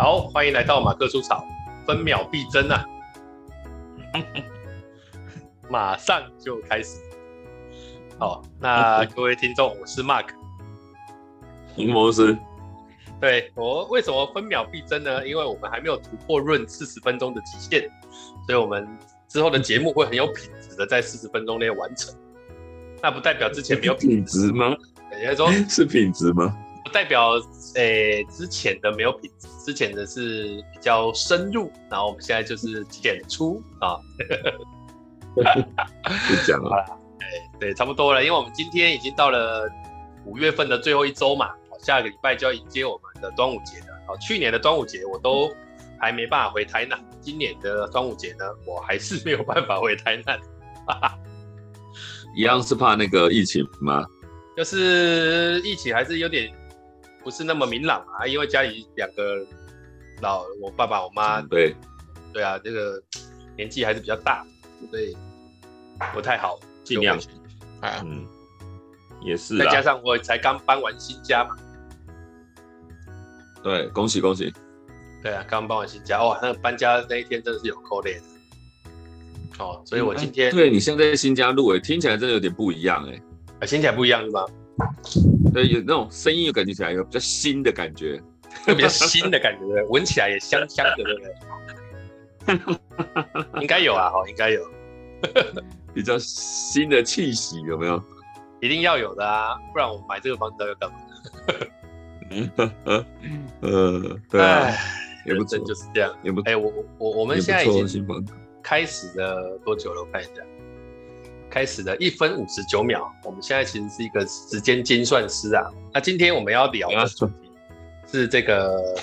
好，歡迎來到馬克梳草，分秒必爭啊！ 馬上就開始。好，那各位聽眾，我是 Mark，吳謀師。對，我為什麼分秒必爭呢？因為我們還沒有突破潤四十分鐘的極限，所以我們之後的節目會很有品質的在四十分鐘內完成。那不代表之前沒有品質嗎？也說是品質嗎？代表誒、欸，之前的沒有品質，之前的是比較深入，然後我們現在就是淺出啊。不講了、哦、哎， 對，差不多了，因為我們今天已經到了五月份的最後一周嘛，下個禮拜就要迎接我們的端午節了。好，去年的端午節我都還沒辦法回台南，今年的端午節呢，我還是沒有辦法回台南哈哈。一樣是怕那個疫情嗎？就是疫情還是有點。不是那麼明朗啊，因為家裡兩個老，我爸爸我媽、我、嗯、媽，對，對啊，這個年紀還是比較大，所以不太好，盡量、啊，嗯，也是，再加上我才剛搬完新家嘛，對，恭喜恭喜。對啊，剛搬完新家，哇，那個、搬家那一天真的是有扣臉、嗯，哦，所以我今天，欸、對，你現在新家錄耶，聽起來真的有點不一樣哎，啊，聽起來不一樣是嗎？對，有那種聲音，有感覺起來有比較新的感覺，特別新的感覺對不對？聞 起來也香香的，對不對？ 應該有啊，好，應該有， 比較新的氣息有沒有？一定要有的啊，不然我買這個房子到底要幹嘛？嗯 呃，對啊，也不錯就是這樣，也不哎、欸，我我我們現在已經開始了多久了？我看一下。開始的一分五十九秒，我們現在其實是一個時間精算師啊。那今天我們要聊的是這個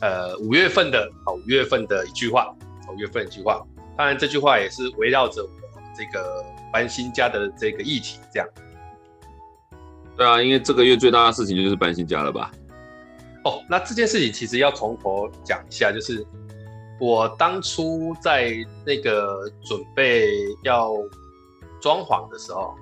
呃五月份的、哦、五月份的一句話，五月份的一句話。當然，這句話也是圍繞着我這個搬新家的這個議題這樣。對啊，因為這個月最大的事情就是搬新家了吧？哦，那這件事情其實要從頭講一下，就是我當初在那個準備要。裝潢的時候，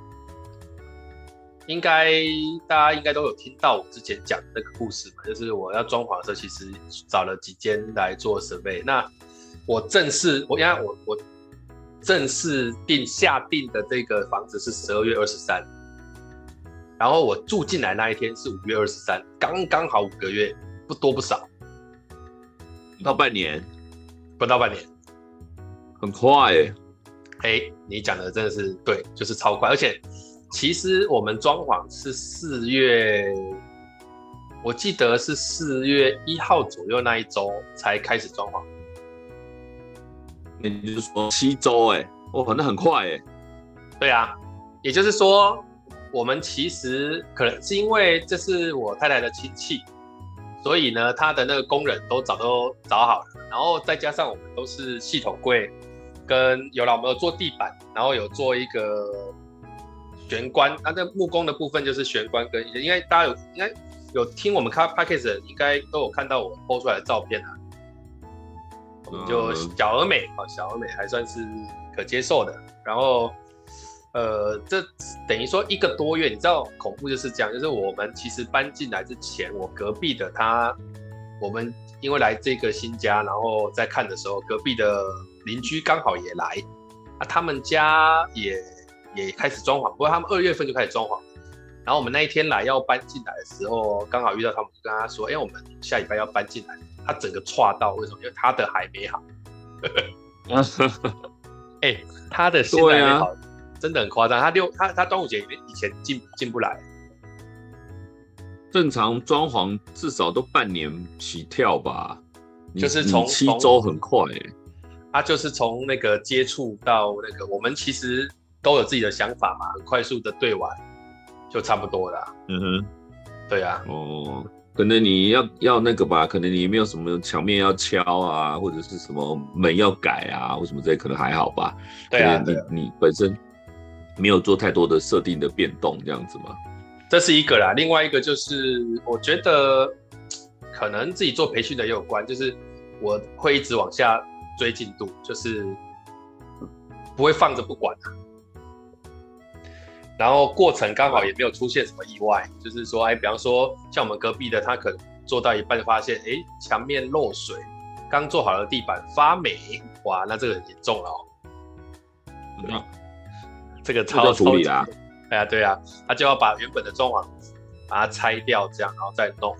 應該大家應該都有聽到我之前講那個故事嘛，就是我要裝潢的時候，其實找了幾間來做設備。那我正式，我因為我我正式定下定的這個房子是十二月二十三，然後我住進來那一天是五月二十三，剛剛好五個月，不多不少，不到半年，不到半年，很快欸。哎、hey，你講的真的是對，就是超快，而且其實我們裝潢是四月，我記得是四月一號左右那一周才開始裝潢。也就是說七周哎，哇，那很快哎。對啊，也就是說我們其實可能是因為這是我太太的親戚，所以呢他的那個工人都找都找好了，然後再加上我們都是系統櫃。跟有了，我們有做地板，然後有做一個玄關，那、啊、在木工的部分就是玄關跟，因為大家有應該有聽我們開 podcast 應該都有看到我 po 出來的照片啊，我們就小而美啊，嗯，小而美還算是可接受的。然後，呃，這等於說一個多月，你知道恐怖就是這樣，就是我們其實搬進來之前，我隔壁的他，我們因為來這個新家，然後在看的時候，隔壁的。鄰居剛好也來、啊，他們家也也開始裝潢，不過他們二月份就開始裝潢，然後我們那一天來要搬進來的時候，剛好遇到他們，就跟他說：“哎、欸，我們下禮拜要搬進來。”他整個岔到，為什麼？因為他的還沒好。哎、 欸，他的水沒好對啊，真的很誇張。他六他他端午節以前進進不來，正常裝潢至少都半年起跳吧？就是從七周很快、欸。他、啊、就是從那個接觸到那個，我們其實都有自己的想法嘛，很快速的對完就差不多了。嗯哼，對啊。哦，可能你要要那個吧，可能你沒有什麼牆面要敲啊，或者是什麼門要改啊，或什麼這些可能還好吧。對啊。你啊你本身沒有做太多的設定的變動這樣子嗎？這是一個啦，另外一個就是我覺得可能自己做培訓的也有關，就是我會一直往下追進度，就是不會放着不管，啊、然後過程剛好也沒有出現什麼意外，就是說，哎、欸，比方說像我們隔壁的，他可能做到一半就發現，哎、欸，牆面漏水，剛做好的地板發霉，哇，那這個很嚴重哦。對、嗯，啊、這個超超。處理啊！對啊，對啊，他、啊、就要把原本的裝潢把它拆掉，這樣然後再弄。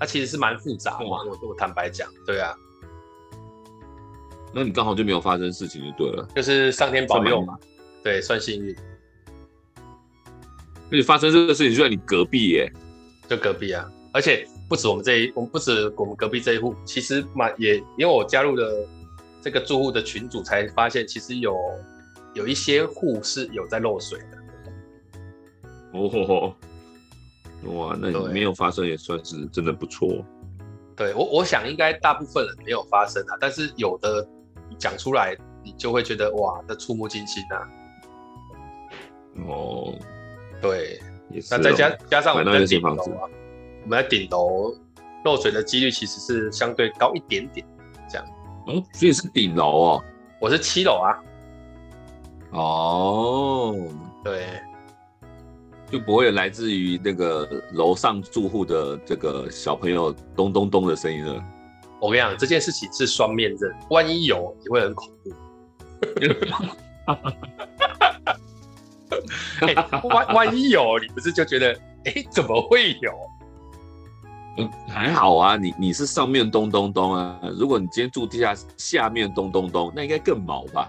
它、啊、其實是蠻複雜的，嗯啊、嗯對我坦白講，對啊。那你剛好就沒有發生事情就對了，就是上天保佑嘛，保佑嘛對，算幸運。那你發生這個事情就在你隔壁耶，就隔壁啊，而且不止我們這一，我們不止我們隔壁這一戶，其實嘛，也，因為我加入了這個住戶的群組，才發現其實有有一些戶是有在漏水的。哦吼吼，哇，那你沒有發生也算是真的不錯。對，對我，我想應該大部分人沒有發生啊，但是有的。你講出來，你就會覺得哇，這觸目驚心吶、啊！哦，對，那再加加上我們在頂樓、啊、我們在頂樓漏水的幾率其實是相對高一點點，這樣。嗯、哦，所以是頂樓哦、啊，我是七樓啊。哦，對，就不會有來自於那個樓上住戶的這個小朋友咚咚咚的聲音了。我跟你講，這件事情是雙面刃，萬一有，你會很恐怖。 欸、萬萬一有，你不是就覺得，欸、怎麼會有？還、嗯、好啊，你你是上面咚咚咚啊，如果你今天住地下，下面咚咚咚，那應該更毛吧？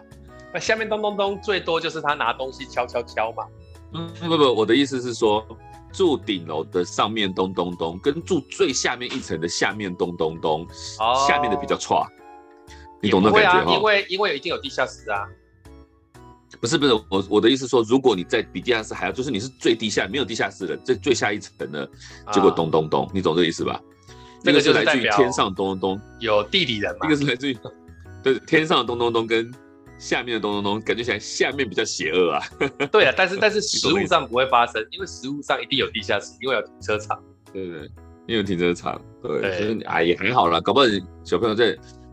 那下面咚咚咚，最多就是他拿東西敲敲敲嘛。嗯，不不不，我的意思是說。住頂樓的上面咚咚咚，跟住最下面一層的下面咚咚咚，oh, 下面的比較差，啊，你懂那感覺嗎？因為因為一定有地下室啊。不是不是，我我的意思是說，如果你在比地下室還要，就是你是最地下沒有地下室的，這最下一層呢，oh. 結果咚咚咚，你懂這個意思吧？這個就來自於天上咚咚咚，有地底人嘛？這個是來自於對天上的咚咚咚跟。 下面的咚咚咚，感覺起來下面比較邪惡啊。對啊，但是但是實務上不會發生，因為實務上一定有地下室，因為有停車場。對，對，對，因為有停車場。對，對所以啊、哎、也很好啦，搞不好小朋友在，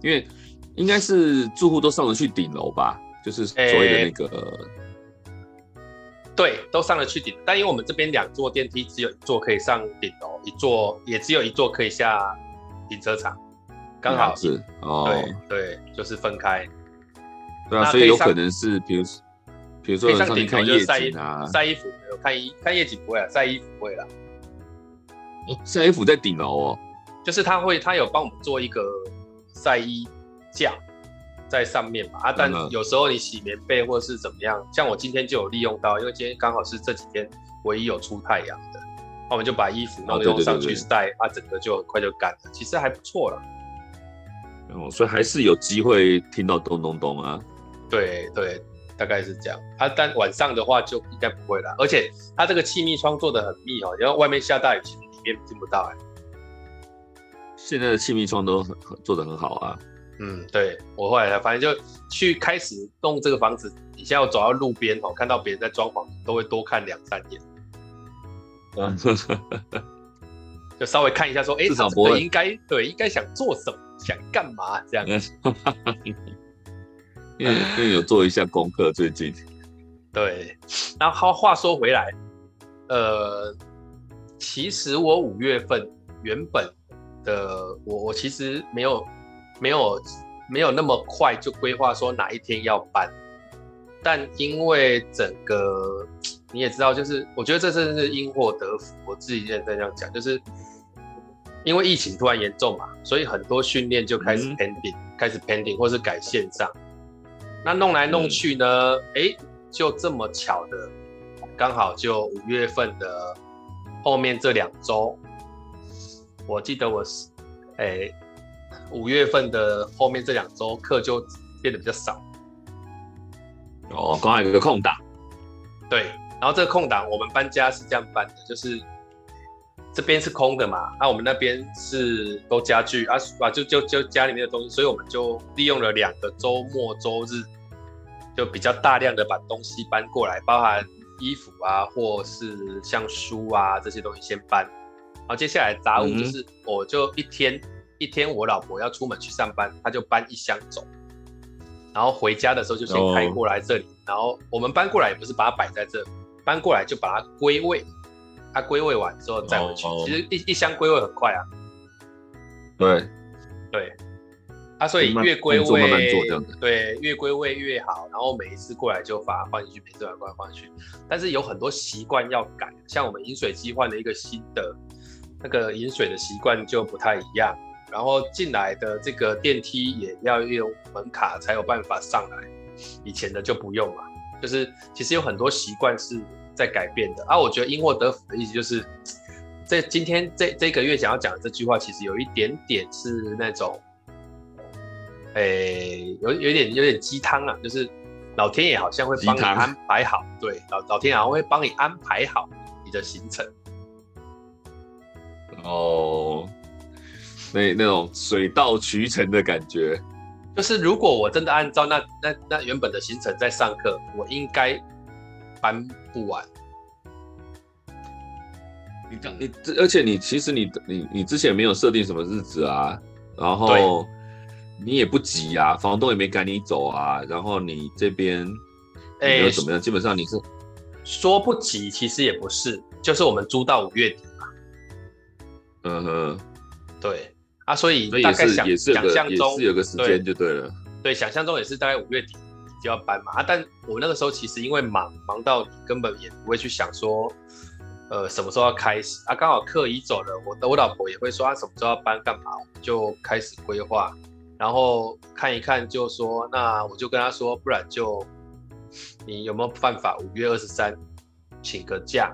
因為應該是住戶都上得去頂樓吧，就是所謂的那個、欸。對，都上得去頂，但因為我們這邊兩座電梯只有一座可以上頂樓，一座也只有一座可以下停車場，剛好是哦對，對，就是分開。對啊，所以有可能是，比如說，比如說上頂看夜景啊，曬衣服沒有？看衣看夜景不會啊，曬衣服不會啦。嗯，曬衣服在頂樓哦，就是他會，他有幫我們做一個曬衣架在上面嘛。啊，但有時候你洗棉被或是怎麼樣，像我今天就有利用到，因為今天剛好是這幾天唯一有出太陽的，那我們就把衣服弄上去曬，啊對、對、對、對，啊整個就很快就乾了，其實還不錯了。哦，所以還是有機會聽到咚咚咚啊。對對，大概是這樣。他、啊、但晚上的話就應該不會啦，而且他這個氣密窗做的很密哦，然後外面下大雨，其實裡面聽不到，欸。現在的氣密窗都很做的很好啊。嗯，對，我後來反正就去開始弄這個房子。你現在走到路邊哦，看到別人在裝潢，都會多看兩三眼。嗯 就稍微看一下，說，哎，這個應該對，應該想做什麼，想幹嘛這樣子。 因為有做一下功課，最近。對，然後話說回來，呃，其實我五月份原本的我，我其實沒有沒有沒有那麼快就規劃說哪一天要搬，但因為整個你也知道，就是我覺得這次是因禍得福，我自己也在這樣講，就是因為疫情突然嚴重嘛，所以很多訓練就開始 pending，嗯，開始 pending，或是改線上。那弄來弄去呢，嗯，誒，就這麼巧的，剛好就五月份的後面這兩週，我記得我是，誒五月份的後面這兩週課就變得比較少，哦，剛好有一個空檔，對，然後這個空檔我們搬家是這樣搬的，就是這邊是空的嘛，那、啊、我們那邊是都家具啊，啊，就就就家裡面的東西，所以我們就利用了兩個周末周日。就比較大量的把東西搬過來，包含衣服啊，或是像書啊這些東西先搬。然後接下來雜物就是，嗯嗯我就一天一天，我老婆要出門去上班，她就搬一箱走。然後回家的時候就先開過來這裡，Oh. 然後我們搬過來也不是把它擺在這裡，搬過來就把它歸位。它、啊、歸位完之後再回去，Oh. 其實一一箱歸位很快啊。Oh. 對，對。啊，所以越歸位慢慢做這樣子，對，越歸位越好。然後每一次過來就把它放進去，每次把它放進去。但是有很多習慣要改，像我們飲水機換了一個新的，那個飲水的習慣就不太一樣。然後進來的這個電梯也要用門卡才有辦法上來，以前的就不用了。就是其實有很多習慣是在改變的啊。我覺得因禍得福的意思就是，這今天這這個月想要講的這句話，其實有一點點是那種。誒、欸，有有點有點雞湯啊，就是老天爺好像會幫你安排好，對，老老天爺好像會幫你安排好你的行程。哦，那那種水到渠成的感覺，就是如果我真的按照那那那原本的行程在上課，我應該搬不完。你你這而且你其實你你你之前沒有設定什麼日子啊，然後。你也不急呀、啊，房東也沒趕你走啊，然後你這邊，哎，怎麼樣、欸？基本上你是說不急，其實也不是，就是我們租到五月底嘛。嗯哼，對啊，所以，所以大概想也是想象中是有個時間就對了。對，想象中也是大概五月底你就要搬嘛。啊、但我那個時候其實因為忙，忙到根本也不會去想說，呃，什麼時候要開始啊？剛好課已走了，我的我老婆也會說，她、啊、什麼時候要搬幹嘛？我就開始規劃。然後看一看，就說，那我就跟他說，不然就你有沒有辦法？五月二十三請個假，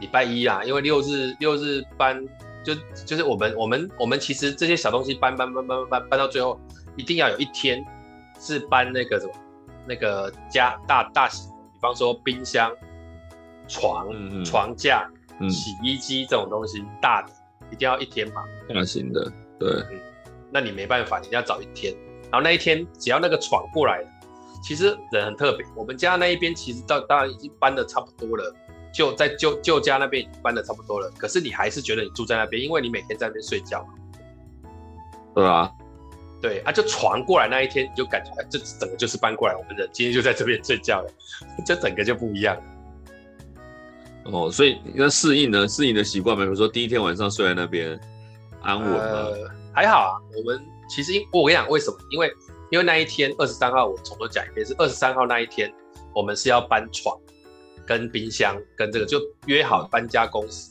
禮拜一啊，因為六日六日搬就就是我們我們我們其實這些小東西搬搬搬搬搬搬到最後，一定要有一天是搬那個什麼那個家大大型的，比方說冰箱、床、嗯、床架、嗯、洗衣機這種東西大的，一定要一天吧，那、嗯嗯嗯、行的，對。嗯那你沒辦法，你要找一天，然後那一天只要那個床過來，其實人很特別。我們家那一邊其實到當然已經搬得差不多了，就在舅舅家那邊已經搬得差不多了。可是你還是覺得你住在那邊，因為你每天在那邊睡覺。對啊，對啊，就床過來那一天，你就感覺這整個就是搬過來，我們人今天就在這邊睡覺了，這整個就不一樣了。哦，所以應該適應呢，適應的習慣，比如說第一天晚上睡在那邊安穩還好啊，我們其實因我跟你講為什麼？因為因為那一天二十三號，我重頭講一遍，是二十三號那一天，我們是要搬床，跟冰箱，跟這個就約好搬家公司。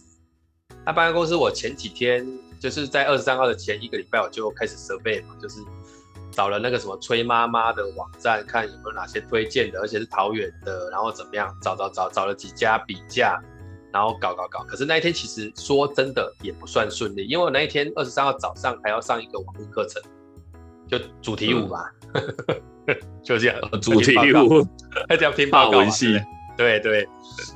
那搬家公司，我前幾天就是在二十三號的前一個禮拜，我就開始 survey 嘛，就是找了那個什麼崔媽媽的網站，看有沒有哪些推薦的，而且是桃園的，然後怎麼樣找找找找了幾家比價。然後搞搞搞，可是那一天其實說真的也不算順利，因為我那一天二十三號早上還要上一個網絡課程，就主題五吧，嗯、 就這樣主題五，還叫聽報告，報告對對，對，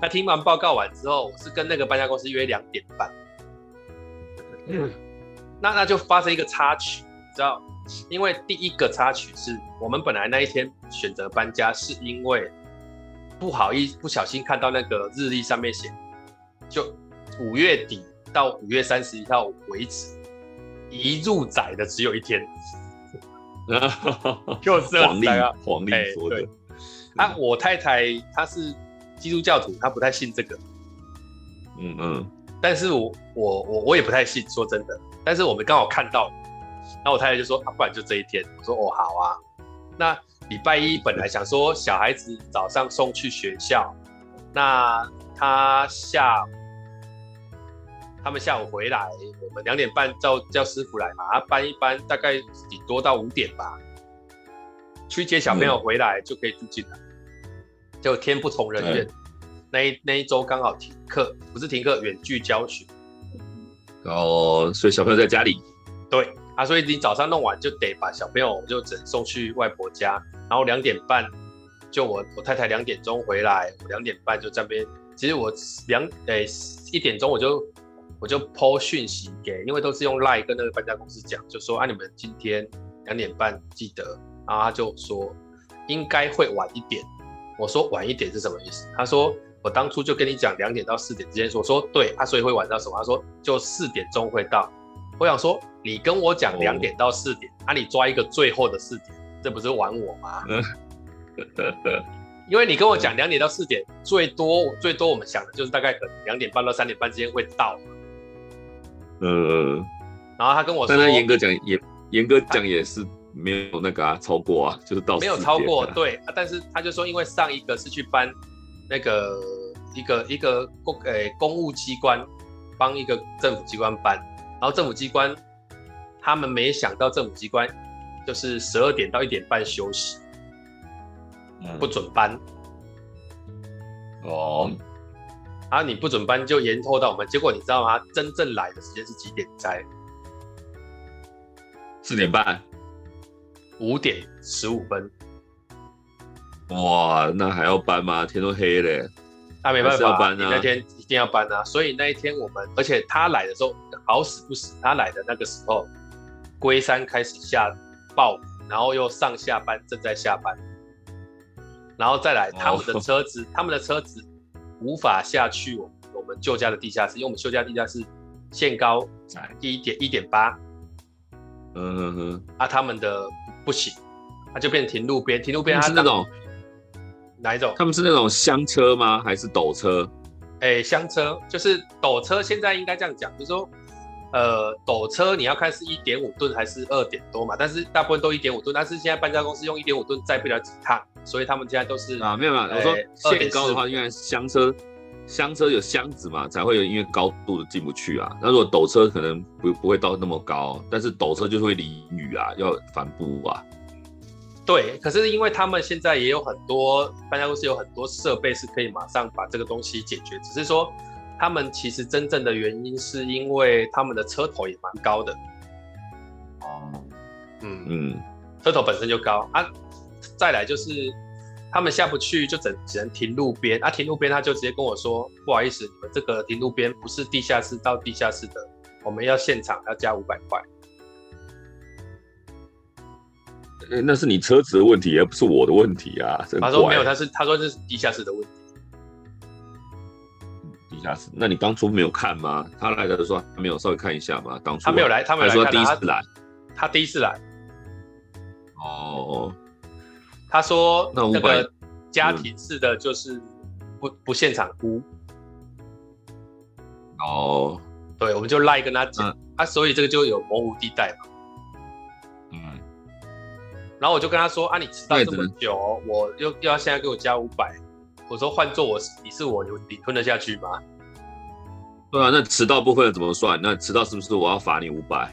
那聽完報告完之後，我是跟那個搬家公司約兩點半、嗯，那那就發生一個插曲，你知道，因為第一個插曲是我們本來那一天選擇搬家，是因為不好意思不小心看到那個日曆上面寫。就五月底到五月三十一號為止，一入宅的只有一天， 就是黃曆啊，黃曆、欸、說的。那、嗯啊、我太太她是基督教徒，她不太信這個。嗯嗯，但是我我我我也不太信，說真的。但是我們剛好看到，那我太太就說啊，不然就這一天。我說哦，好啊。那禮拜一本來想說小孩子早上送去學校， 那。他下午，他們下午回來，我們兩點半叫叫師傅來嘛，他搬一搬，大概頂多到五點吧，去接小朋友回來就可以住進來，嗯。就天不從人願，欸，那一那一週剛好停課，不是停課，遠距教學。哦，所以小朋友在家裡。對，啊，所以你早上弄完就得把小朋友就整送去外婆家，然後兩點半，就我我太太兩點鐘回來，我兩點半就在那邊。其實我兩誒一點鐘我就我就 po 訊息給，因為都是用 Line 跟那個搬家公司講，就說啊你們今天兩點半記得，然後他就說應該會晚一點。我說晚一點是什麼意思？他說我當初就跟你講兩點到四點之間，我說對，他、啊、所以會晚到什麼？他說就四點鐘會到。我想說你跟我講兩點到四點，哦、啊，你抓一個最後的四點，這不是玩我嗎？嗯 因為你跟我講兩點到四點最多、嗯、最多我們想的就是大概兩點半到三點半之間會到，呃、嗯，然後他跟我說，但他嚴格講也嚴，嚴格講也是沒有那個啊超過啊，就是到沒有超過對、啊，但是他就說因為上一個是去搬那個一個一個公呃，公務機關幫一個政府機關搬，然後政府機關他們沒想到政府機關就是十二點到一點半休息。不准搬、嗯、哦，啊！你不准搬就延拖到我們。結果你知道嗎？真正來的時間是幾點？在四點半、五點十五分。哇，那還要搬嗎？天都黑了，那沒辦法，要搬啊！你那天一定要搬啊！所以那一天我們，而且他來的時候好死不死，他來的那個時候，龜山開始下暴雨，然後又上下班，正在下班。然後再來，他們的車子，oh. 他們的車子無法下去我們我們舊家的地下室，因為我們舊家地下室限高才一點一點八。嗯哼哼，啊，他們的不行，他、啊、就變成停路邊，停路邊他，他們是那種哪一種？他們是那種廂車嗎？還是斗車？哎，廂車就是斗車，現在應該這樣講，就是說。呃，斗車你要看是一點五噸還是二點多嘛，但是大部分都一點五噸，但是現在搬家公司，用一點五噸載不了幾趟，所以他們現在都是啊，沒有沒有，我、欸、說限高的話，因為箱車，廂車有箱子嘛，才會有因為高度的進不去啊。那如果斗車可能不不會到那麼高，但是斗車就會淋雨啊，要帆布啊。對，可是因為他們現在也有很多搬家公司，有很多設備是可以馬上把這個東西解決，只是說。他們其實真正的原因是因為他們的車頭也蠻高的。哦，嗯嗯，車頭本身就高啊。再來就是他們下不去，就只只能停路邊啊。停路邊他就直接跟我說：“不好意思，你們這個停路邊不是地下室到地下室的，我們要現場要加五百塊。”那是你車子的問題，而不是我的問題啊。他說沒有，他是他說這是地下室的問題。那你當初沒有看嗎？他來的時候說沒有，稍微看一下嗎？當初他沒有來，他沒有說他第一次來他，他第一次來。哦，他說那, 500, 那個家庭式的就是不、嗯、不現場哭。哦，對，我們就賴、like、跟他講，他、嗯啊、所以這個就有模糊地帶嘛。嗯，然後我就跟他說啊，你遲到這麼久，我又,又要現在給我加五百，我說換做我，你是我，你吞得下去嗎？對啊，那遲到部分怎麼算？那遲到是不是我要罰你五百？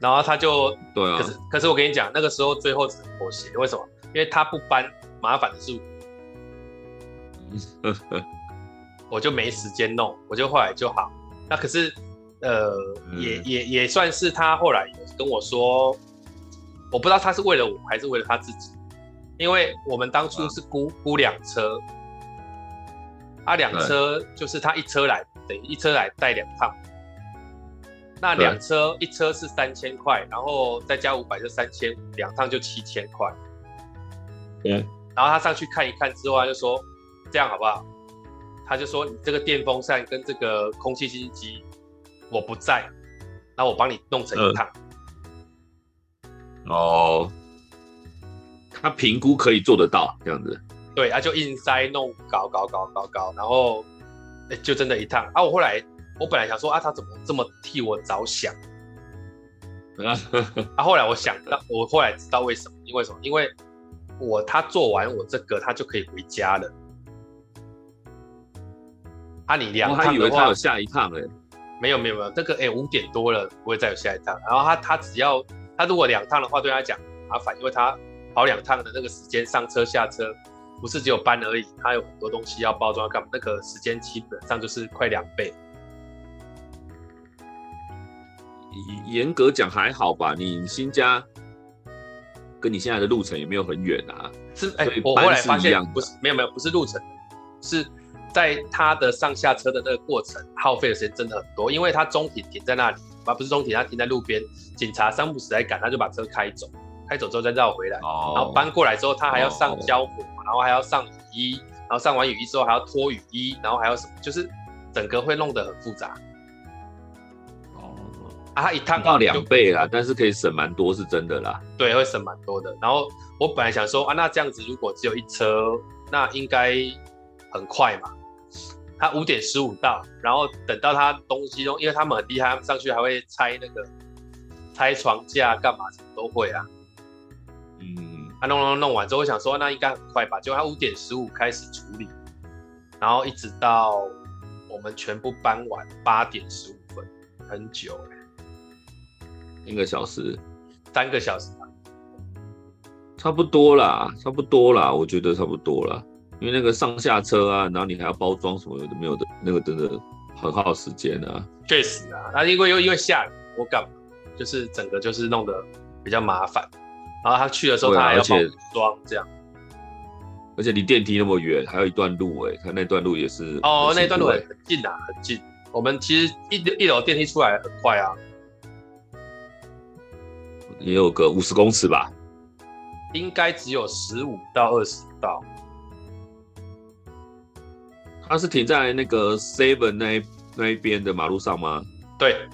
然後他就對啊，可是可是我跟你講，那個時候最後只是妥協，為什麼？因為他不搬，麻煩的是我， 我就沒時間弄，我就後來就好。那可是，呃，嗯、也也也算是他後來跟我說，我不知道他是為了我，還是為了他自己。因為我們當初是雇雇兩車，啊，兩車就是他一車來。等於一車來帶兩趟，那兩車、嗯、一車是三千塊，然後再加五百就三千五，兩趟就七千塊。對、嗯，然後他上去看一看之後，他就說這樣好不好？他就說你這個電風扇跟這個空氣清新機我不在，那我幫你弄成一趟。嗯、哦，他評估可以做得到這樣子。對，他、啊、就硬塞弄搞搞搞搞搞，然後。就真的一趟啊！我後來，我本來想說啊，他怎麼這麼替我着想？啊！啊！後來我想，那我後來知道為什麼？因為什麼？因為我他做完我這個，他就可以回家了。啊，你兩趟？他以為他有下一趟呢？沒有沒有沒有，這個哎、欸、五點多了，不會再有下一趟。然後他他只要他如果兩趟的話，對他講麻煩，因為他跑兩趟的那個時間，上車下車。不是只有搬而已，它有很多東西要包裝，要幹嘛？那個時間基本上就是快兩倍。嚴格講還好吧，你新家跟你現在的路程也沒有很遠啊。是，哎、欸，我後來發現不是沒有沒有，不是路程，是在他的上下車的那個過程耗費的時間真的很多，因為他中庭停，停在那裡，啊，不是中庭，他停在路邊，警察三不五時來趕，他就把車開走。開走之後再繞回來，oh, 然後搬過來之後，他還要上膠膜，oh. 然後還要上雨衣，然後上完雨衣之後還要脫雨衣，然後還要什麼，就是整個會弄得很複雜。哦、oh,，啊，他一趟到兩倍啦、啊，但是可以省蠻多，是真的啦。對，會省蠻多的。然後我本來想說，啊，那這樣子如果只有一車，那應該很快嘛。他五點十五到，然後等到他東西用，因為他們很厲害，他們上去還會拆那個拆床架，幹嘛什麼都會啊。他弄，弄弄弄完之後，我想說那應該很快吧，就他五點十五開始處理，然後一直到我們全部搬完八點十五分，很久哎、欸，一個小時，三個小時吧、啊，差不多啦，差不多啦，我覺得差不多啦。因為那個上下車啊，然後你還要包裝什麼都沒有的，那個真的很耗時間啊，確實啊，那因為又因為下雨，我感就是整個就是弄得比較麻煩。然後他去的時候他還、啊，他要去裝這樣，而且離電梯那麼遠，還有一段路哎，他那段路也是哦，那段路很近啊，很近。我們其實一樓一樓電梯出來很快啊，也有個五十公尺吧，應該只有十五到二十道。他是停在那個 Seven 那一那一邊的馬路上嗎？對，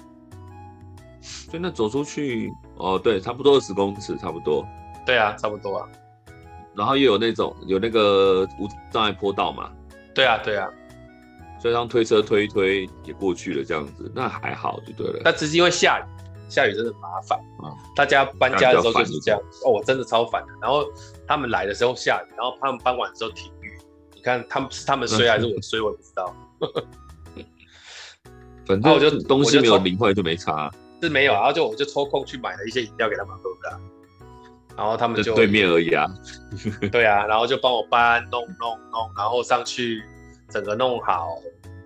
所以那走出去。哦，對，差不多十公尺，差不多。對啊，差不多啊。然後又有那種有那個無障礙坡道嘛。對啊，對啊。所以讓推車推一推也過去了，這樣子那還好就對了。但只是因為下雨，下雨真的麻煩啊、哦。大家搬家的時候就是這樣。哦，我真的超煩的。然後他們來的時候下雨，然後他們搬完的時候停雨。你看他們，是他們衰還是我衰？ 我也不知道。 反正我就東西沒有淋壞就沒差。是沒有、啊，然後就我就抽空去買了一些飲料給他們喝的、啊，然後他們就，就對面而已啊、 嗯，對啊，然後就幫我搬弄弄弄，然後上去整個弄好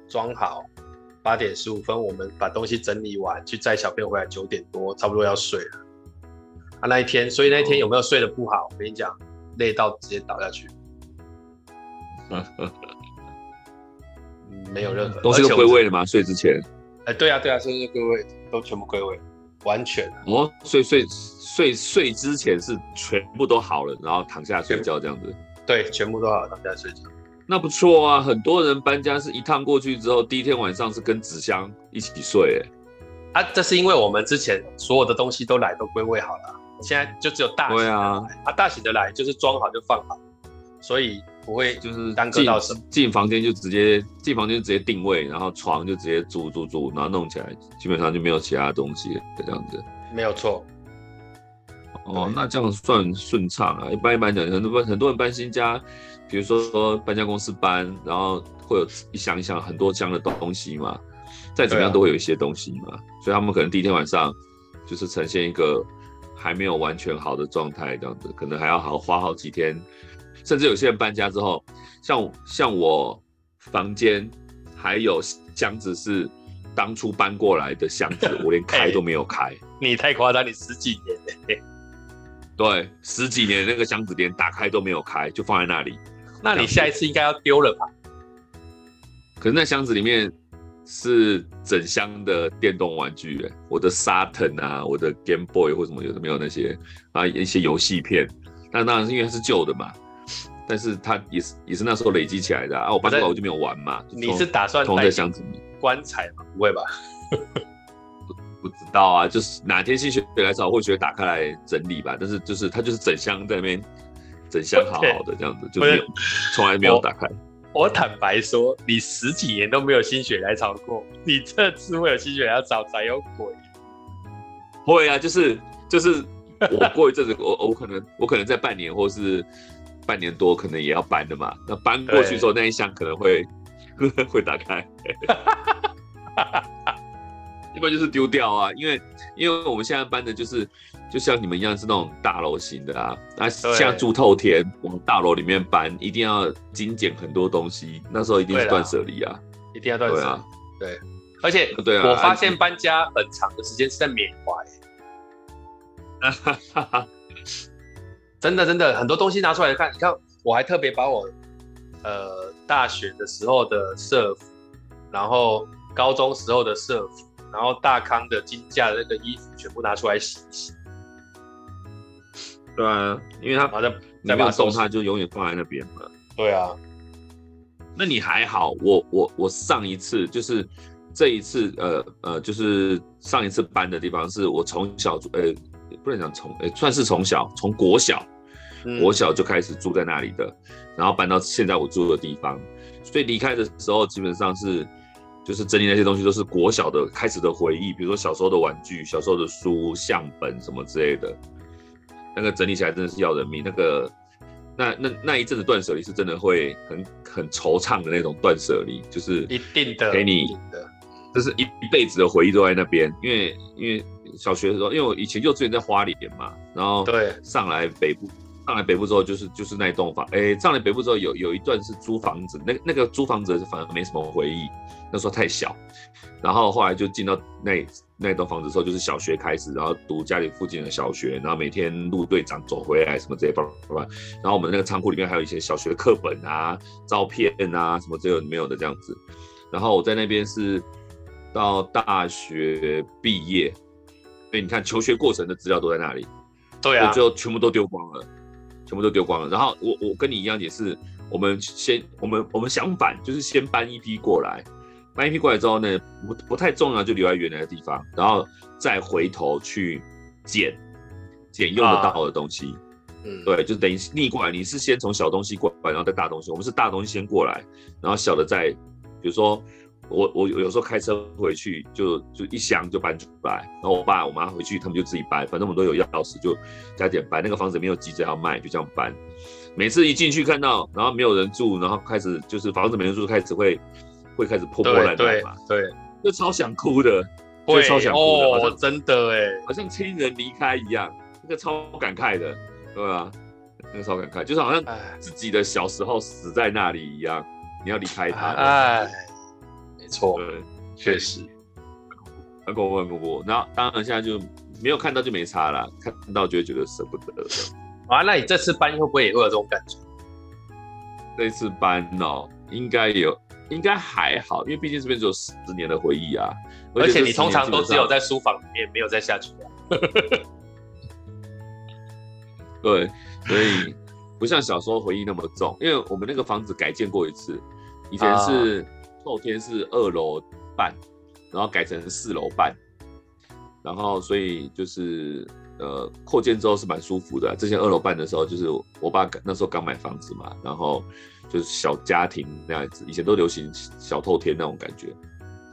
裝好，八點十五分我們把東西整理完去載小朋友回來，九點多差不多要睡了啊那一天，所以那一天有沒有睡得不好、嗯？我跟你講，累到直接倒下去， 嗯、沒有任何東西都西是歸位的嗎？睡之前？哎、欸，對啊，對啊，東西歸位。都全部歸位，完全哦。睡睡睡睡之前是全部都好了，然後躺下睡覺這樣子。對，全部都好了，躺下睡覺。那不錯啊，很多人搬家是一趟過去之後，第一天晚上是跟紙箱一起睡哎。啊，這是因為我們之前所有的東西都來都歸位好了，啊，現在就只有大型的對啊，啊，大型的來就是裝好就放好，所以。不會，就是進進房間就直接進房間就直接定位，然後床就直接租租租，然後弄起來，基本上就沒有其他東西了這樣子，沒有錯。哦，那這樣算順暢啊？一般一般講，很多很多人搬新家，比如說說搬家公司搬，然後會有一箱一箱很多箱的東西嘛，再怎麼樣都會有一些東西嘛、啊，所以他們可能第一天晚上就是呈現一個還沒有完全好的狀態，這樣子，可能還要好，好花好幾天。甚至有些人搬家之後，像像我房間還有箱子是當初搬過來的箱子，我連開都沒有開。 欸、你太誇張，你十幾年、欸、對，十幾年那個箱子連打開都沒有開，就放在那裡。 那你下一次應該要丟了吧？可是那箱子裡面是整箱的電動玩具、欸，我的 Saturn 啊，我的 Game Boy 或什麼有的沒有那些啊一些遊戲片。但當然是因為它是舊的嘛。但是他也是也是那時候累積起來的啊，啊我搬過來我就沒有玩嘛。你是打算同在箱子裡棺材嗎？不會吧 不，不知道啊，就是哪天心血來潮或許會覺得打開來整理吧。但是就是他就是整箱在那邊，整箱好好的這樣子，Okay. 就是沒有從來沒有打開我，嗯。我坦白說，你十幾年都沒有心血來潮過，你這次會有心血來潮才有鬼。會啊，就是就是我過一陣子， 我我可能我可能在半年或是。半年多可能也要搬的嘛，那搬過去之後那一箱可能會呵呵會打開，一 般 就是丟掉啊，因為因為我們現在搬的就是就像你們一樣是那種大樓型的啊，那、啊、像住透天往大樓裡面搬，一定要精簡很多東西，那時候一定是斷捨離啊，啊，一定要斷捨離、啊對啊，對，而且對啊，我發現搬家很長的時間是在緬懷。啊 真的真的，很多東西拿出來看，你看，我還特別把我，呃，大學的時候的社服，然後高中時候的社服，然後大康的金價那個衣服全部拿出來洗一洗。對啊，因為他把像沒有動，他就永遠放在那邊嘛。對啊，那你還好，我我我上一次就是這一次，呃呃，就是上一次搬的地方是我從小住，呃。不能講從、欸，算是從小從國小，國小就開始住在那裡的、嗯，然後搬到現在我住的地方。所以離開的時候，基本上是就是整理那些東西，都是國小的開始的回憶，比如說小時候的玩具、小時候的書、相本什麼之類的。那個整理起來真的是要人命，那個那那那一陣子斷舍離是真的會很很惆悵的那種斷舍離，就是一定的，給你的，這是一一輩子的回憶都在那邊，因為因為。小學的時候，因為我以前幼稚園在花蓮嘛，然後上來北部，上來北部之後就是就是那一棟房，哎、欸，上來北部之後有有一段是租房子，那那個租房子是反而沒什麼回憶，那時候太小，然後後來就進到那那棟房子之後，就是小學開始，然後讀家裡附近的小學，然後每天路隊長走回來什麼這些，然後我們那個倉庫裡面還有一些小學課本啊、照片啊什麼這個沒有的這樣子，然後我在那邊是到大學畢業。所以你看，求學過程的資料都在那裡，對呀、啊，就全部都丟光了，全部都丟光了。然後我我跟你一樣解，也是我們先我們我們相反，就是先搬一批過來，搬一批過來之後呢，那個、不不太重要就留在原來的地方，然後再回頭去撿撿用得到的東西。啊、嗯，對，就等於逆過來，你是先從小東西過來，然後再大東西。我們是大東西先過來，然後小的再，比如說。我我有時候開車回去，就就一箱就搬出來，然後我爸我媽回去，他們就自己搬，反正我們都有鑰匙，就加點搬。那個房子沒有急着要賣，就這樣搬。每次一進去看到，然後沒有人住，然後開始就是房子沒人住，開始會會開始破破爛爛嘛對對，對，就超想哭的，會超想哭的，我說真的哎，好像哦，親人離開一樣，那個超感慨的，對啊，那個超感慨，就是好像自己的小時候死在那裡一樣，你要離開他，哎。錯，對，確實，不，不，不，不，不，然後當然現在就沒有看到就沒差了，看到就會覺得捨不得了。啊，那你這次搬會不會也會有這種感覺？這次搬哦，應該有，應該還好，因為畢竟這邊只有十年的回憶啊。而且你通常都只有在書房裡面，沒有在下去啊。 對，所以不像小時候回憶那麼重，因為我們那個房子改建過一次，以前是、啊。透天是二樓半，然後改成四樓半，然後所以就是呃擴建之後是蠻舒服的啊。之前二樓半的時候，就是我爸那時候剛買房子嘛，然後就是小家庭那樣子，以前都流行小透天那種感覺。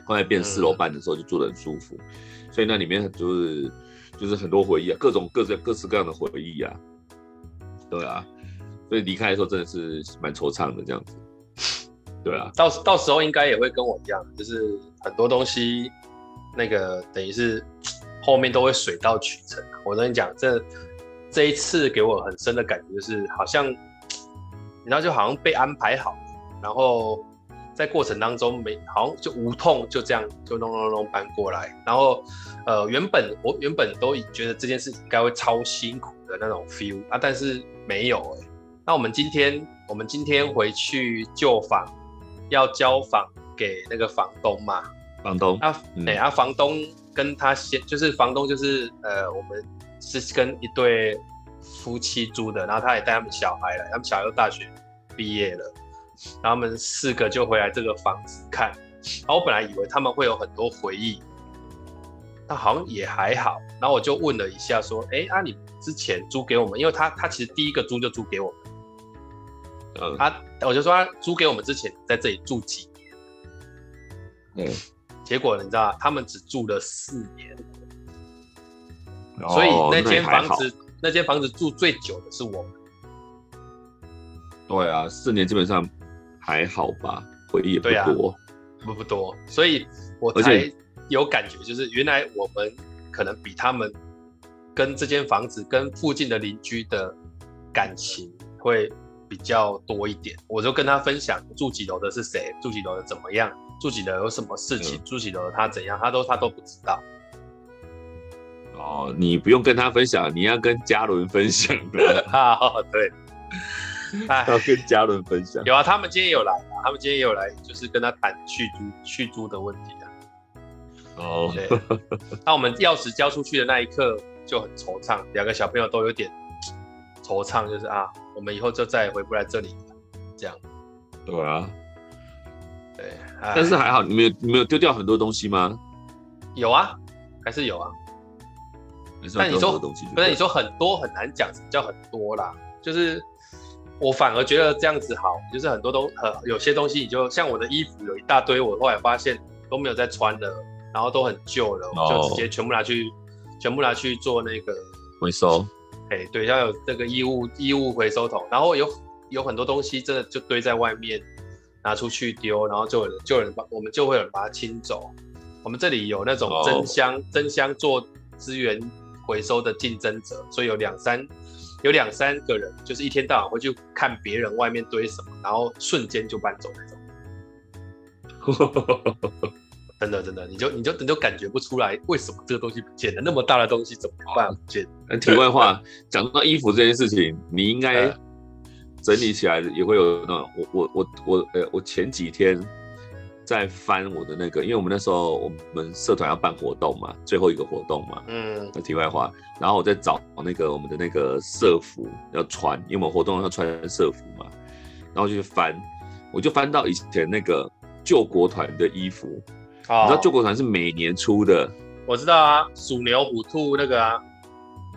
後來變四樓半的時候，就住得很舒服，嗯，所以那裡面就是就是很多回憶啊，各種各各各式各樣的回憶啊，對啊，所以離開的時候真的是蠻惆悵的這樣子。對啊，到到時候應該也會跟我一樣，就是很多東西那個等於是後面都會水到渠成啊。我跟你講，這這一次給我很深的感覺，就是好像你知道，就好像被安排好，然後在過程當中沒好像就無痛就這樣就弄弄弄搬過來，然後呃原本我原本都覺得這件事應該會超辛苦的那種 feel 啊，但是沒有欸。那我們今天我們今天回去舊房。嗯要交房給那個房東嘛？房東啊，嗯、哎啊，房東跟他先就是房東就是呃，我們是跟一對夫妻租的，然後他也帶他們小孩來，他們小孩大學畢業了，然後他們四個就回來這個房子看。然後我本來以為他們會有很多回憶，他好像也還好。然後我就問了一下，說，哎，啊，你之前租給我們，因為他他其實第一個租就租給我們，嗯、啊，他。我就說他，租給我們之前在這裡住幾年，嗯、結果你知道他們只住了四年，哦、所以那間房子，那間房子住最久的是我們。對啊，四年基本上還好吧，回憶也不多，啊、不多不多。所以我才有感覺，就是原來我們可能比他們跟這間房子、跟附近的鄰居的感情會比較多一點，我就跟他分享住幾樓的是誰，住幾樓的怎麼樣，住幾樓有什麼事情，嗯、住幾樓他怎樣，他都他都不知道。哦，你不用跟他分享，你要跟嘉倫分享的。好、 哦，對，要 跟嘉倫分享。 有啊，他們今天有來，他們今天也有來，就是跟他談去租、去租的問題、啊、哦，那我們鑰匙交出去的那一刻就很惆悵，兩個小朋友都有點。惆悵就是啊，我們以後就再也回不來這裡，這樣。對啊，對。但是還好，你沒有你沒有丟掉很多東西嗎？有啊，還是有啊。沒事。但你說，不然你說很多很難講，叫很多啦，就是我反而覺得這樣子好，就是很多東，有些東西你就像我的衣服有一大堆，我後來發現都沒有在穿的，然後都很舊了，oh. 我就直接全部拿去，全部拿去做那個回收。Hey, 對，要有這個衣物、衣物回收桶，然後有有很多東西真的就堆在外面，拿出去丟，然後就有人，就有人把我們就會有人把它清走。我們這裡有那種爭相，oh. 爭相做資源回收的競爭者，所以有兩三有兩三個人就是一天到晚會去看別人外面堆什麼，然後瞬間就搬走那種。 真的，真的，你就你就你就感覺不出來，為什麼這個東西不見了？那麼大的東西怎麼辦、啊？不見、呃、那題外話，講到衣服這件事情，你應該整理起來也會有那種。我我我我，呃，我前幾天在翻我的那個，因為我們那時候我們社團要辦活動嘛，最後一個活動嘛。嗯。那題外話，然後我在找那個我們的那個社服要穿，因為我們活動要穿社服嘛。然後就去翻，我就翻到以前那個救國團的衣服。Oh, 你知道救國團是每年出的，我知道啊，鼠、牛、虎、兔那個啊，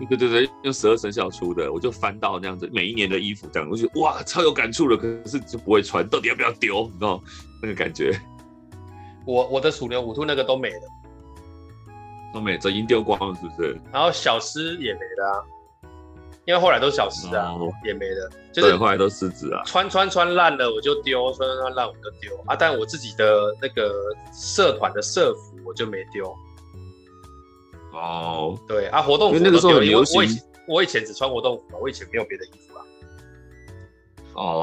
對對對，用十二生肖出的，我就翻到那樣子，每一年的衣服這樣東西，哇，超有感觸的，可是就不會穿，到底要不要丟？你知道那個感覺？我我的鼠、牛、虎、兔那個都沒了，都沒，已經丟光了，是不是？然後小獅也沒了啊。因為後來都是小時啊、哦，也沒了，就是，對，後來都失質啊，穿穿穿爛了我就丟，穿穿穿爛我就丟啊，但我自己的那個社團的社服我就沒丟。哦，對啊，活動服那個時候很流行我，我以前只穿活動服嘛，我以前沒有別的衣服啊。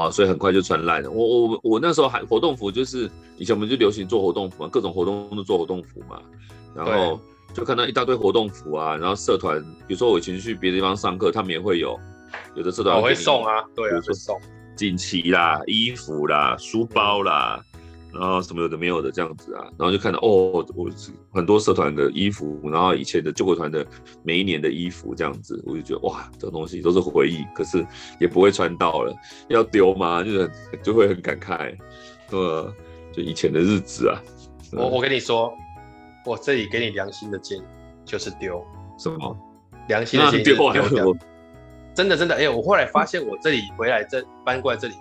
哦，所以很快就穿爛了。我我我那時候還活動服，就是以前我們就流行做活動服嘛，各種活動都做活動服嘛，然後。就看到一大堆活動服啊，然後社團，比如說我以前去別的地方上課，他們也會有，有的社團、哦、我會送啊，對啊，會送錦旗啦、衣服啦、書包啦、嗯，然後什麼有的沒有的這樣子啊，然後就看到哦，我很多社團的衣服，然後以前的救國團的每一年的衣服這樣子，我就覺得哇，這個東西都是回憶，可是也不會穿到了，要丟嗎？就是就會很感慨，呃，就以前的日子啊。呃、我我跟你說。我這裡給你良心的建議，就是丟什麼良心的建議丟，啊、真的真的，哎、欸，我後來發現我這裡回來這搬過來這裡，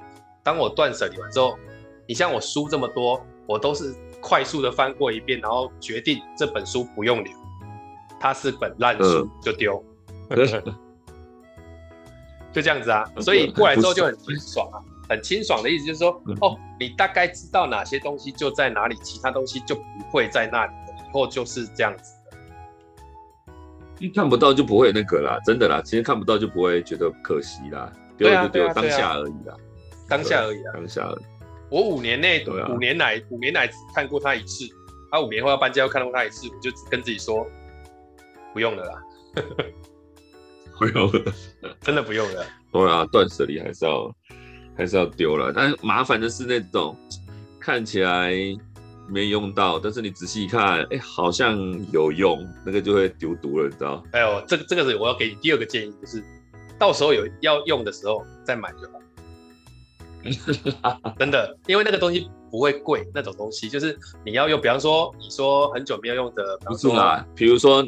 當我斷捨離完之後，你像我書這麼多，我都是快速的翻過一遍，然後決定這本書不用了。它是本爛書，嗯、就丟。 就這樣子啊，所以過來之後就很清爽啊，很清爽的意思就是說，哦，你大概知道哪些東西就在哪裡，其他東西就不會在那裡。以後就是這樣子的，看不到就不會有那個啦，真的啦，其實看不到就不會覺得可惜啦。丟、啊、就丟、啊，當下而已啦，當下而已啊，當下而已。當下而已。我五年內，對啊，五年內五年來只看過他一次，他、啊、五年後要搬家又看到他一次，我就只跟自己說，不用了啦， 不用了， 真的不用了。對啊，斷捨離還是要還是要丟了，但麻煩的是那種看起來。沒用到，但是你仔細一看，哎、欸，好像有用，那個就會丟毒了，你知道？哎呦，這個、這個是我要給你第二個建議，就是到時候有要用的時候再買就好。 真的，因為那個東西不會貴，那種東西就是你要用，比方說你說很久沒有用的，不是啦，比如說，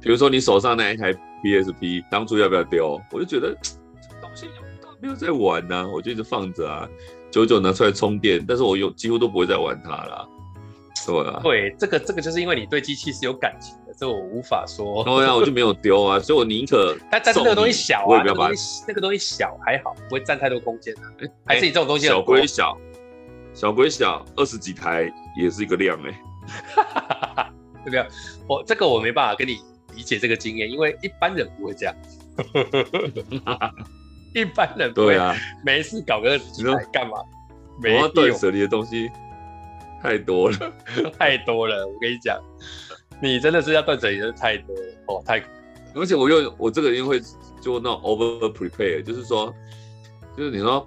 比如說你手上那一台 PSP，當初要不要丟？我就覺得這個東西用到，沒有在玩呢、啊，我就一直放着啊，久久拿出來充電，但是我用幾乎都不會再玩它了。對啊，對這個這個就是因為你對機器是有感情的，所以我無法說。對啊，我就沒有丟啊， 所以我寧可。但但是那個東西小啊，啊、那個、那個東西小還好，不會占太多空間的、啊欸。還是你這種東西小歸小，小歸小，二十幾台也是一個量哎、欸。對不對？我這個我沒辦法跟你理解這個經驗，因為一般人不會這樣。 一般人不會對啊，沒事搞個幾台幹嘛？沒我要斷捨離的東西。太多了， 太多了！我跟你講，你真的是要斷捨離的太多了哦，太！而且我又我這個人會做那種 over prepare，就是說，就是你說，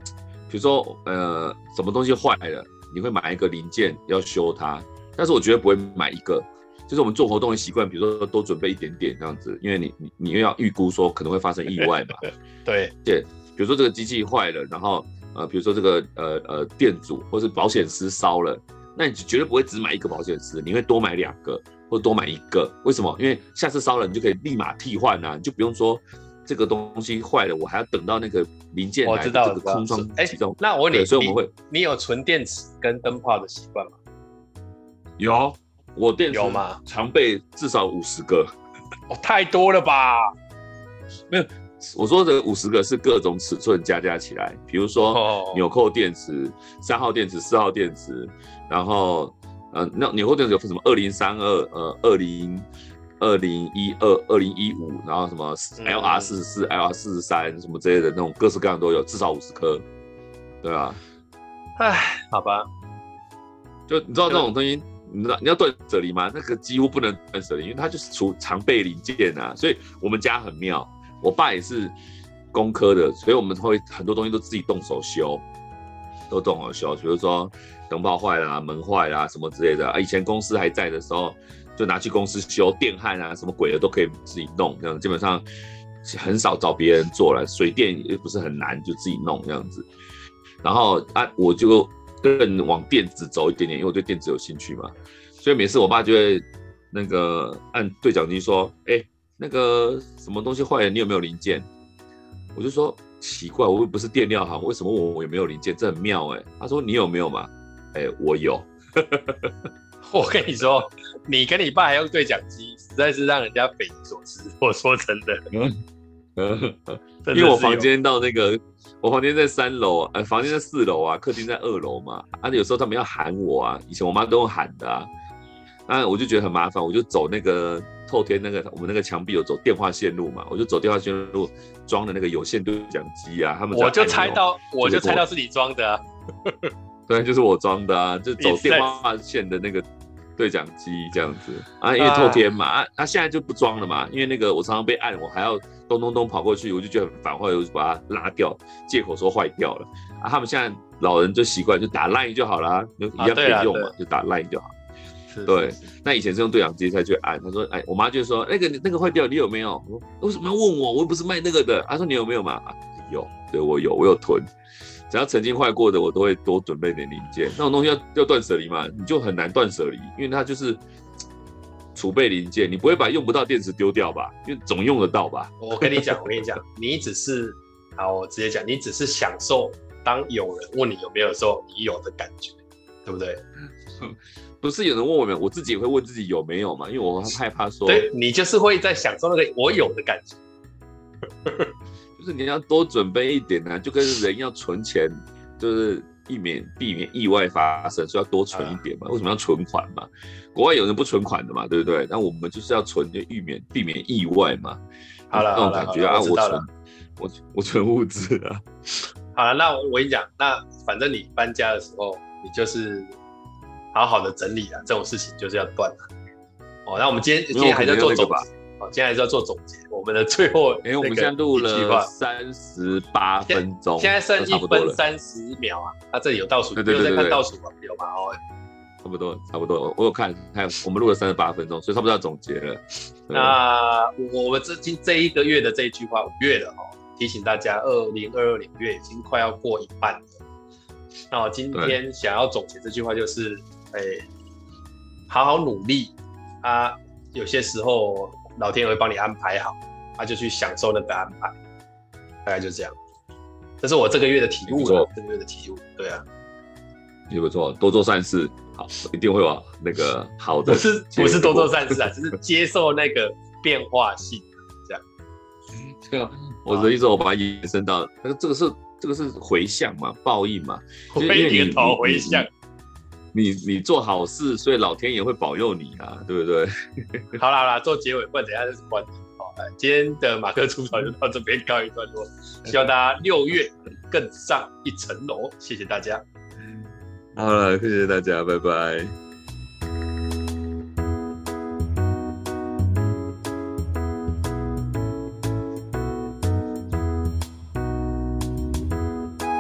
比如說呃什麼東西壞了，你會買一個零件要修它，但是我絕對不會買一個。就是我們做活動的習慣，比如說多準備一點點這樣子，因為你你又要預估說可能會發生意外嘛，對 對。對，比如說這個機器壞了，然後呃比如說這個呃呃電阻或是保險絲燒了。那你就絕對不會只買一個保險絲，你會多買兩個，或多買一個。為什麼？因為下次燒了，你就可以立馬替換啊，你就不用說這個東西壞了，我還要等到那個零件來這個空中我知道、欸、那我問你，所以我們會，你，你有存電池跟燈泡的習慣嗎？有，我電池長嗎？常備至少五十個。太多了吧？沒有。我說的五十個是各種尺寸加加起來，比如說紐扣電池、三、oh. 號電池、四號電池，然後嗯、呃、那紐扣電池有什麼二零三二、呃，二零二零一二、二零一五，然後什麼 LR 四十、mm. 四、LR 四十三，什麼之類的那種，各式各樣都有，至少五十顆，對吧、啊？唉，好吧，就你知道這種東西，你知道你要斷舍離嗎？那個幾乎不能斷舍離，因為它就是儲常備零件啊，所以我們家很妙。我爸也是工科的，所以我們會很多東西都自己動手修，都動手修。比如說燈泡壞了、啊、門壞了、啊、什麼之類的啊。以前公司還在的時候，就拿去公司修電焊啊，什麼鬼的都可以自己弄，這樣基本上很少找別人做了。水電也不是很難，就自己弄這樣子。然後啊，我就更往電子走一點點，因為我對電子有興趣嘛。所以每次我爸就會那個按對講機說：“哎、欸。”那個什麼東西壞了，你有沒有零件？我就說奇怪，我又不是電料。哈，為什麼我我也沒有零件？這很妙哎、欸。他說你有沒有嘛？哎、欸，我有。 我跟你說，你跟你爸還用對講機， 實在是讓人家匪夷所思。我說真的，嗯 因為我房間到那個，我房間在三樓，啊、呃，房間在四樓啊，客廳在二樓嘛。啊，有時候他們要喊我啊，以前我媽都會喊的啊，那我就覺得很麻煩，我就走那個。透天那個我們那個牆壁有走電話線路嘛，我就走電話線路裝的那個有線對講機啊，他們就我就猜到，我就猜到是你裝的、啊， 對，就是我裝的啊，就走電話線的那個對講機這樣子啊，因為透天嘛，呃、啊，現在就不裝了嘛，因為那個我常常被按，我還要咚咚咚跑過去，我就覺得很煩，我就把它拉掉，借口說壞掉了啊。他們現在老人就習慣就打 line 就好啦，就一樣可以用嘛、啊啊，就打 line 就好。對，是是是，那以前是用對講機才去按。他說：“哎，我媽就說那個那個壞掉，你有沒有？”我說：“為什麼要問我？我又不是賣那個的。”他說：“你有沒有嘛？”啊，有，對我有，我有囤。只要曾經壞過的，我都會多準備點零件。那種東西要要斷舍離嘛，你就很難斷舍離，因為它就是儲備零件，你不會把用不到電池丟掉吧？因為總用得到吧？我跟你講，我跟你講，你只是……好，我直接講，你只是享受當有人問你有沒有的時候，你有的感覺，對不對？ 不是有人問我們，我自己也會問自己有沒有嘛？因為我害怕說，你就是會在享受那個我有的感覺， 就是你要多準備一點呢、啊，就跟人要存錢，就是避免避免意外發生，就要多存一點嘛。為什麼要存款嘛？國外有人不存款的嘛，對不對？那我們就是要存，就避免避免意外嘛。好了，那種感覺啊，我，我存，我我存物資啊。好了，那我我跟你講，那反正你搬家的時候，你就是。好好的整理啊，這種事情就是要斷了哦。那我們今天今天還在做總結哦，今天還是要做總結。我們的最後哎、那個，欸，我們先錄了三十八分鐘，現在剩一分三十秒啊。那、啊、這裡有倒數，有在看倒數嗎？有嗎？哦，差不多，差不多。我有看看，我們錄了三十八分鐘， 所以差不多要總結了。那我們這今這一個月的這一句話，五月了哦，提醒大家，二零二二年月已經快要過一半了。那、哦、我今天想要總結這句話就是。哎、欸，好好努力啊！有些時候老天會幫你安排好，他、啊、就去享受那個安排，大概就是這樣。這是我這個月的體悟、啊，這個月的體悟，對啊，也不錯，多做善事，好，一定會有那個好的。不是不是多做善事啊， 只是接受那個變化性，這樣。啊、我的意思，我把它延伸到，啊、這個是這個是回向嘛，報應嘛，被領頭，回向。你你做好事，所以老天爺會保佑你啊，對不對？ 好啦好啦，做結尾段，不等一下就是關。好，今天的馬克布告欄就到這邊告 一段落，希望大家六月更上一層樓，謝謝大家。嗯、好了，謝謝大家，拜拜。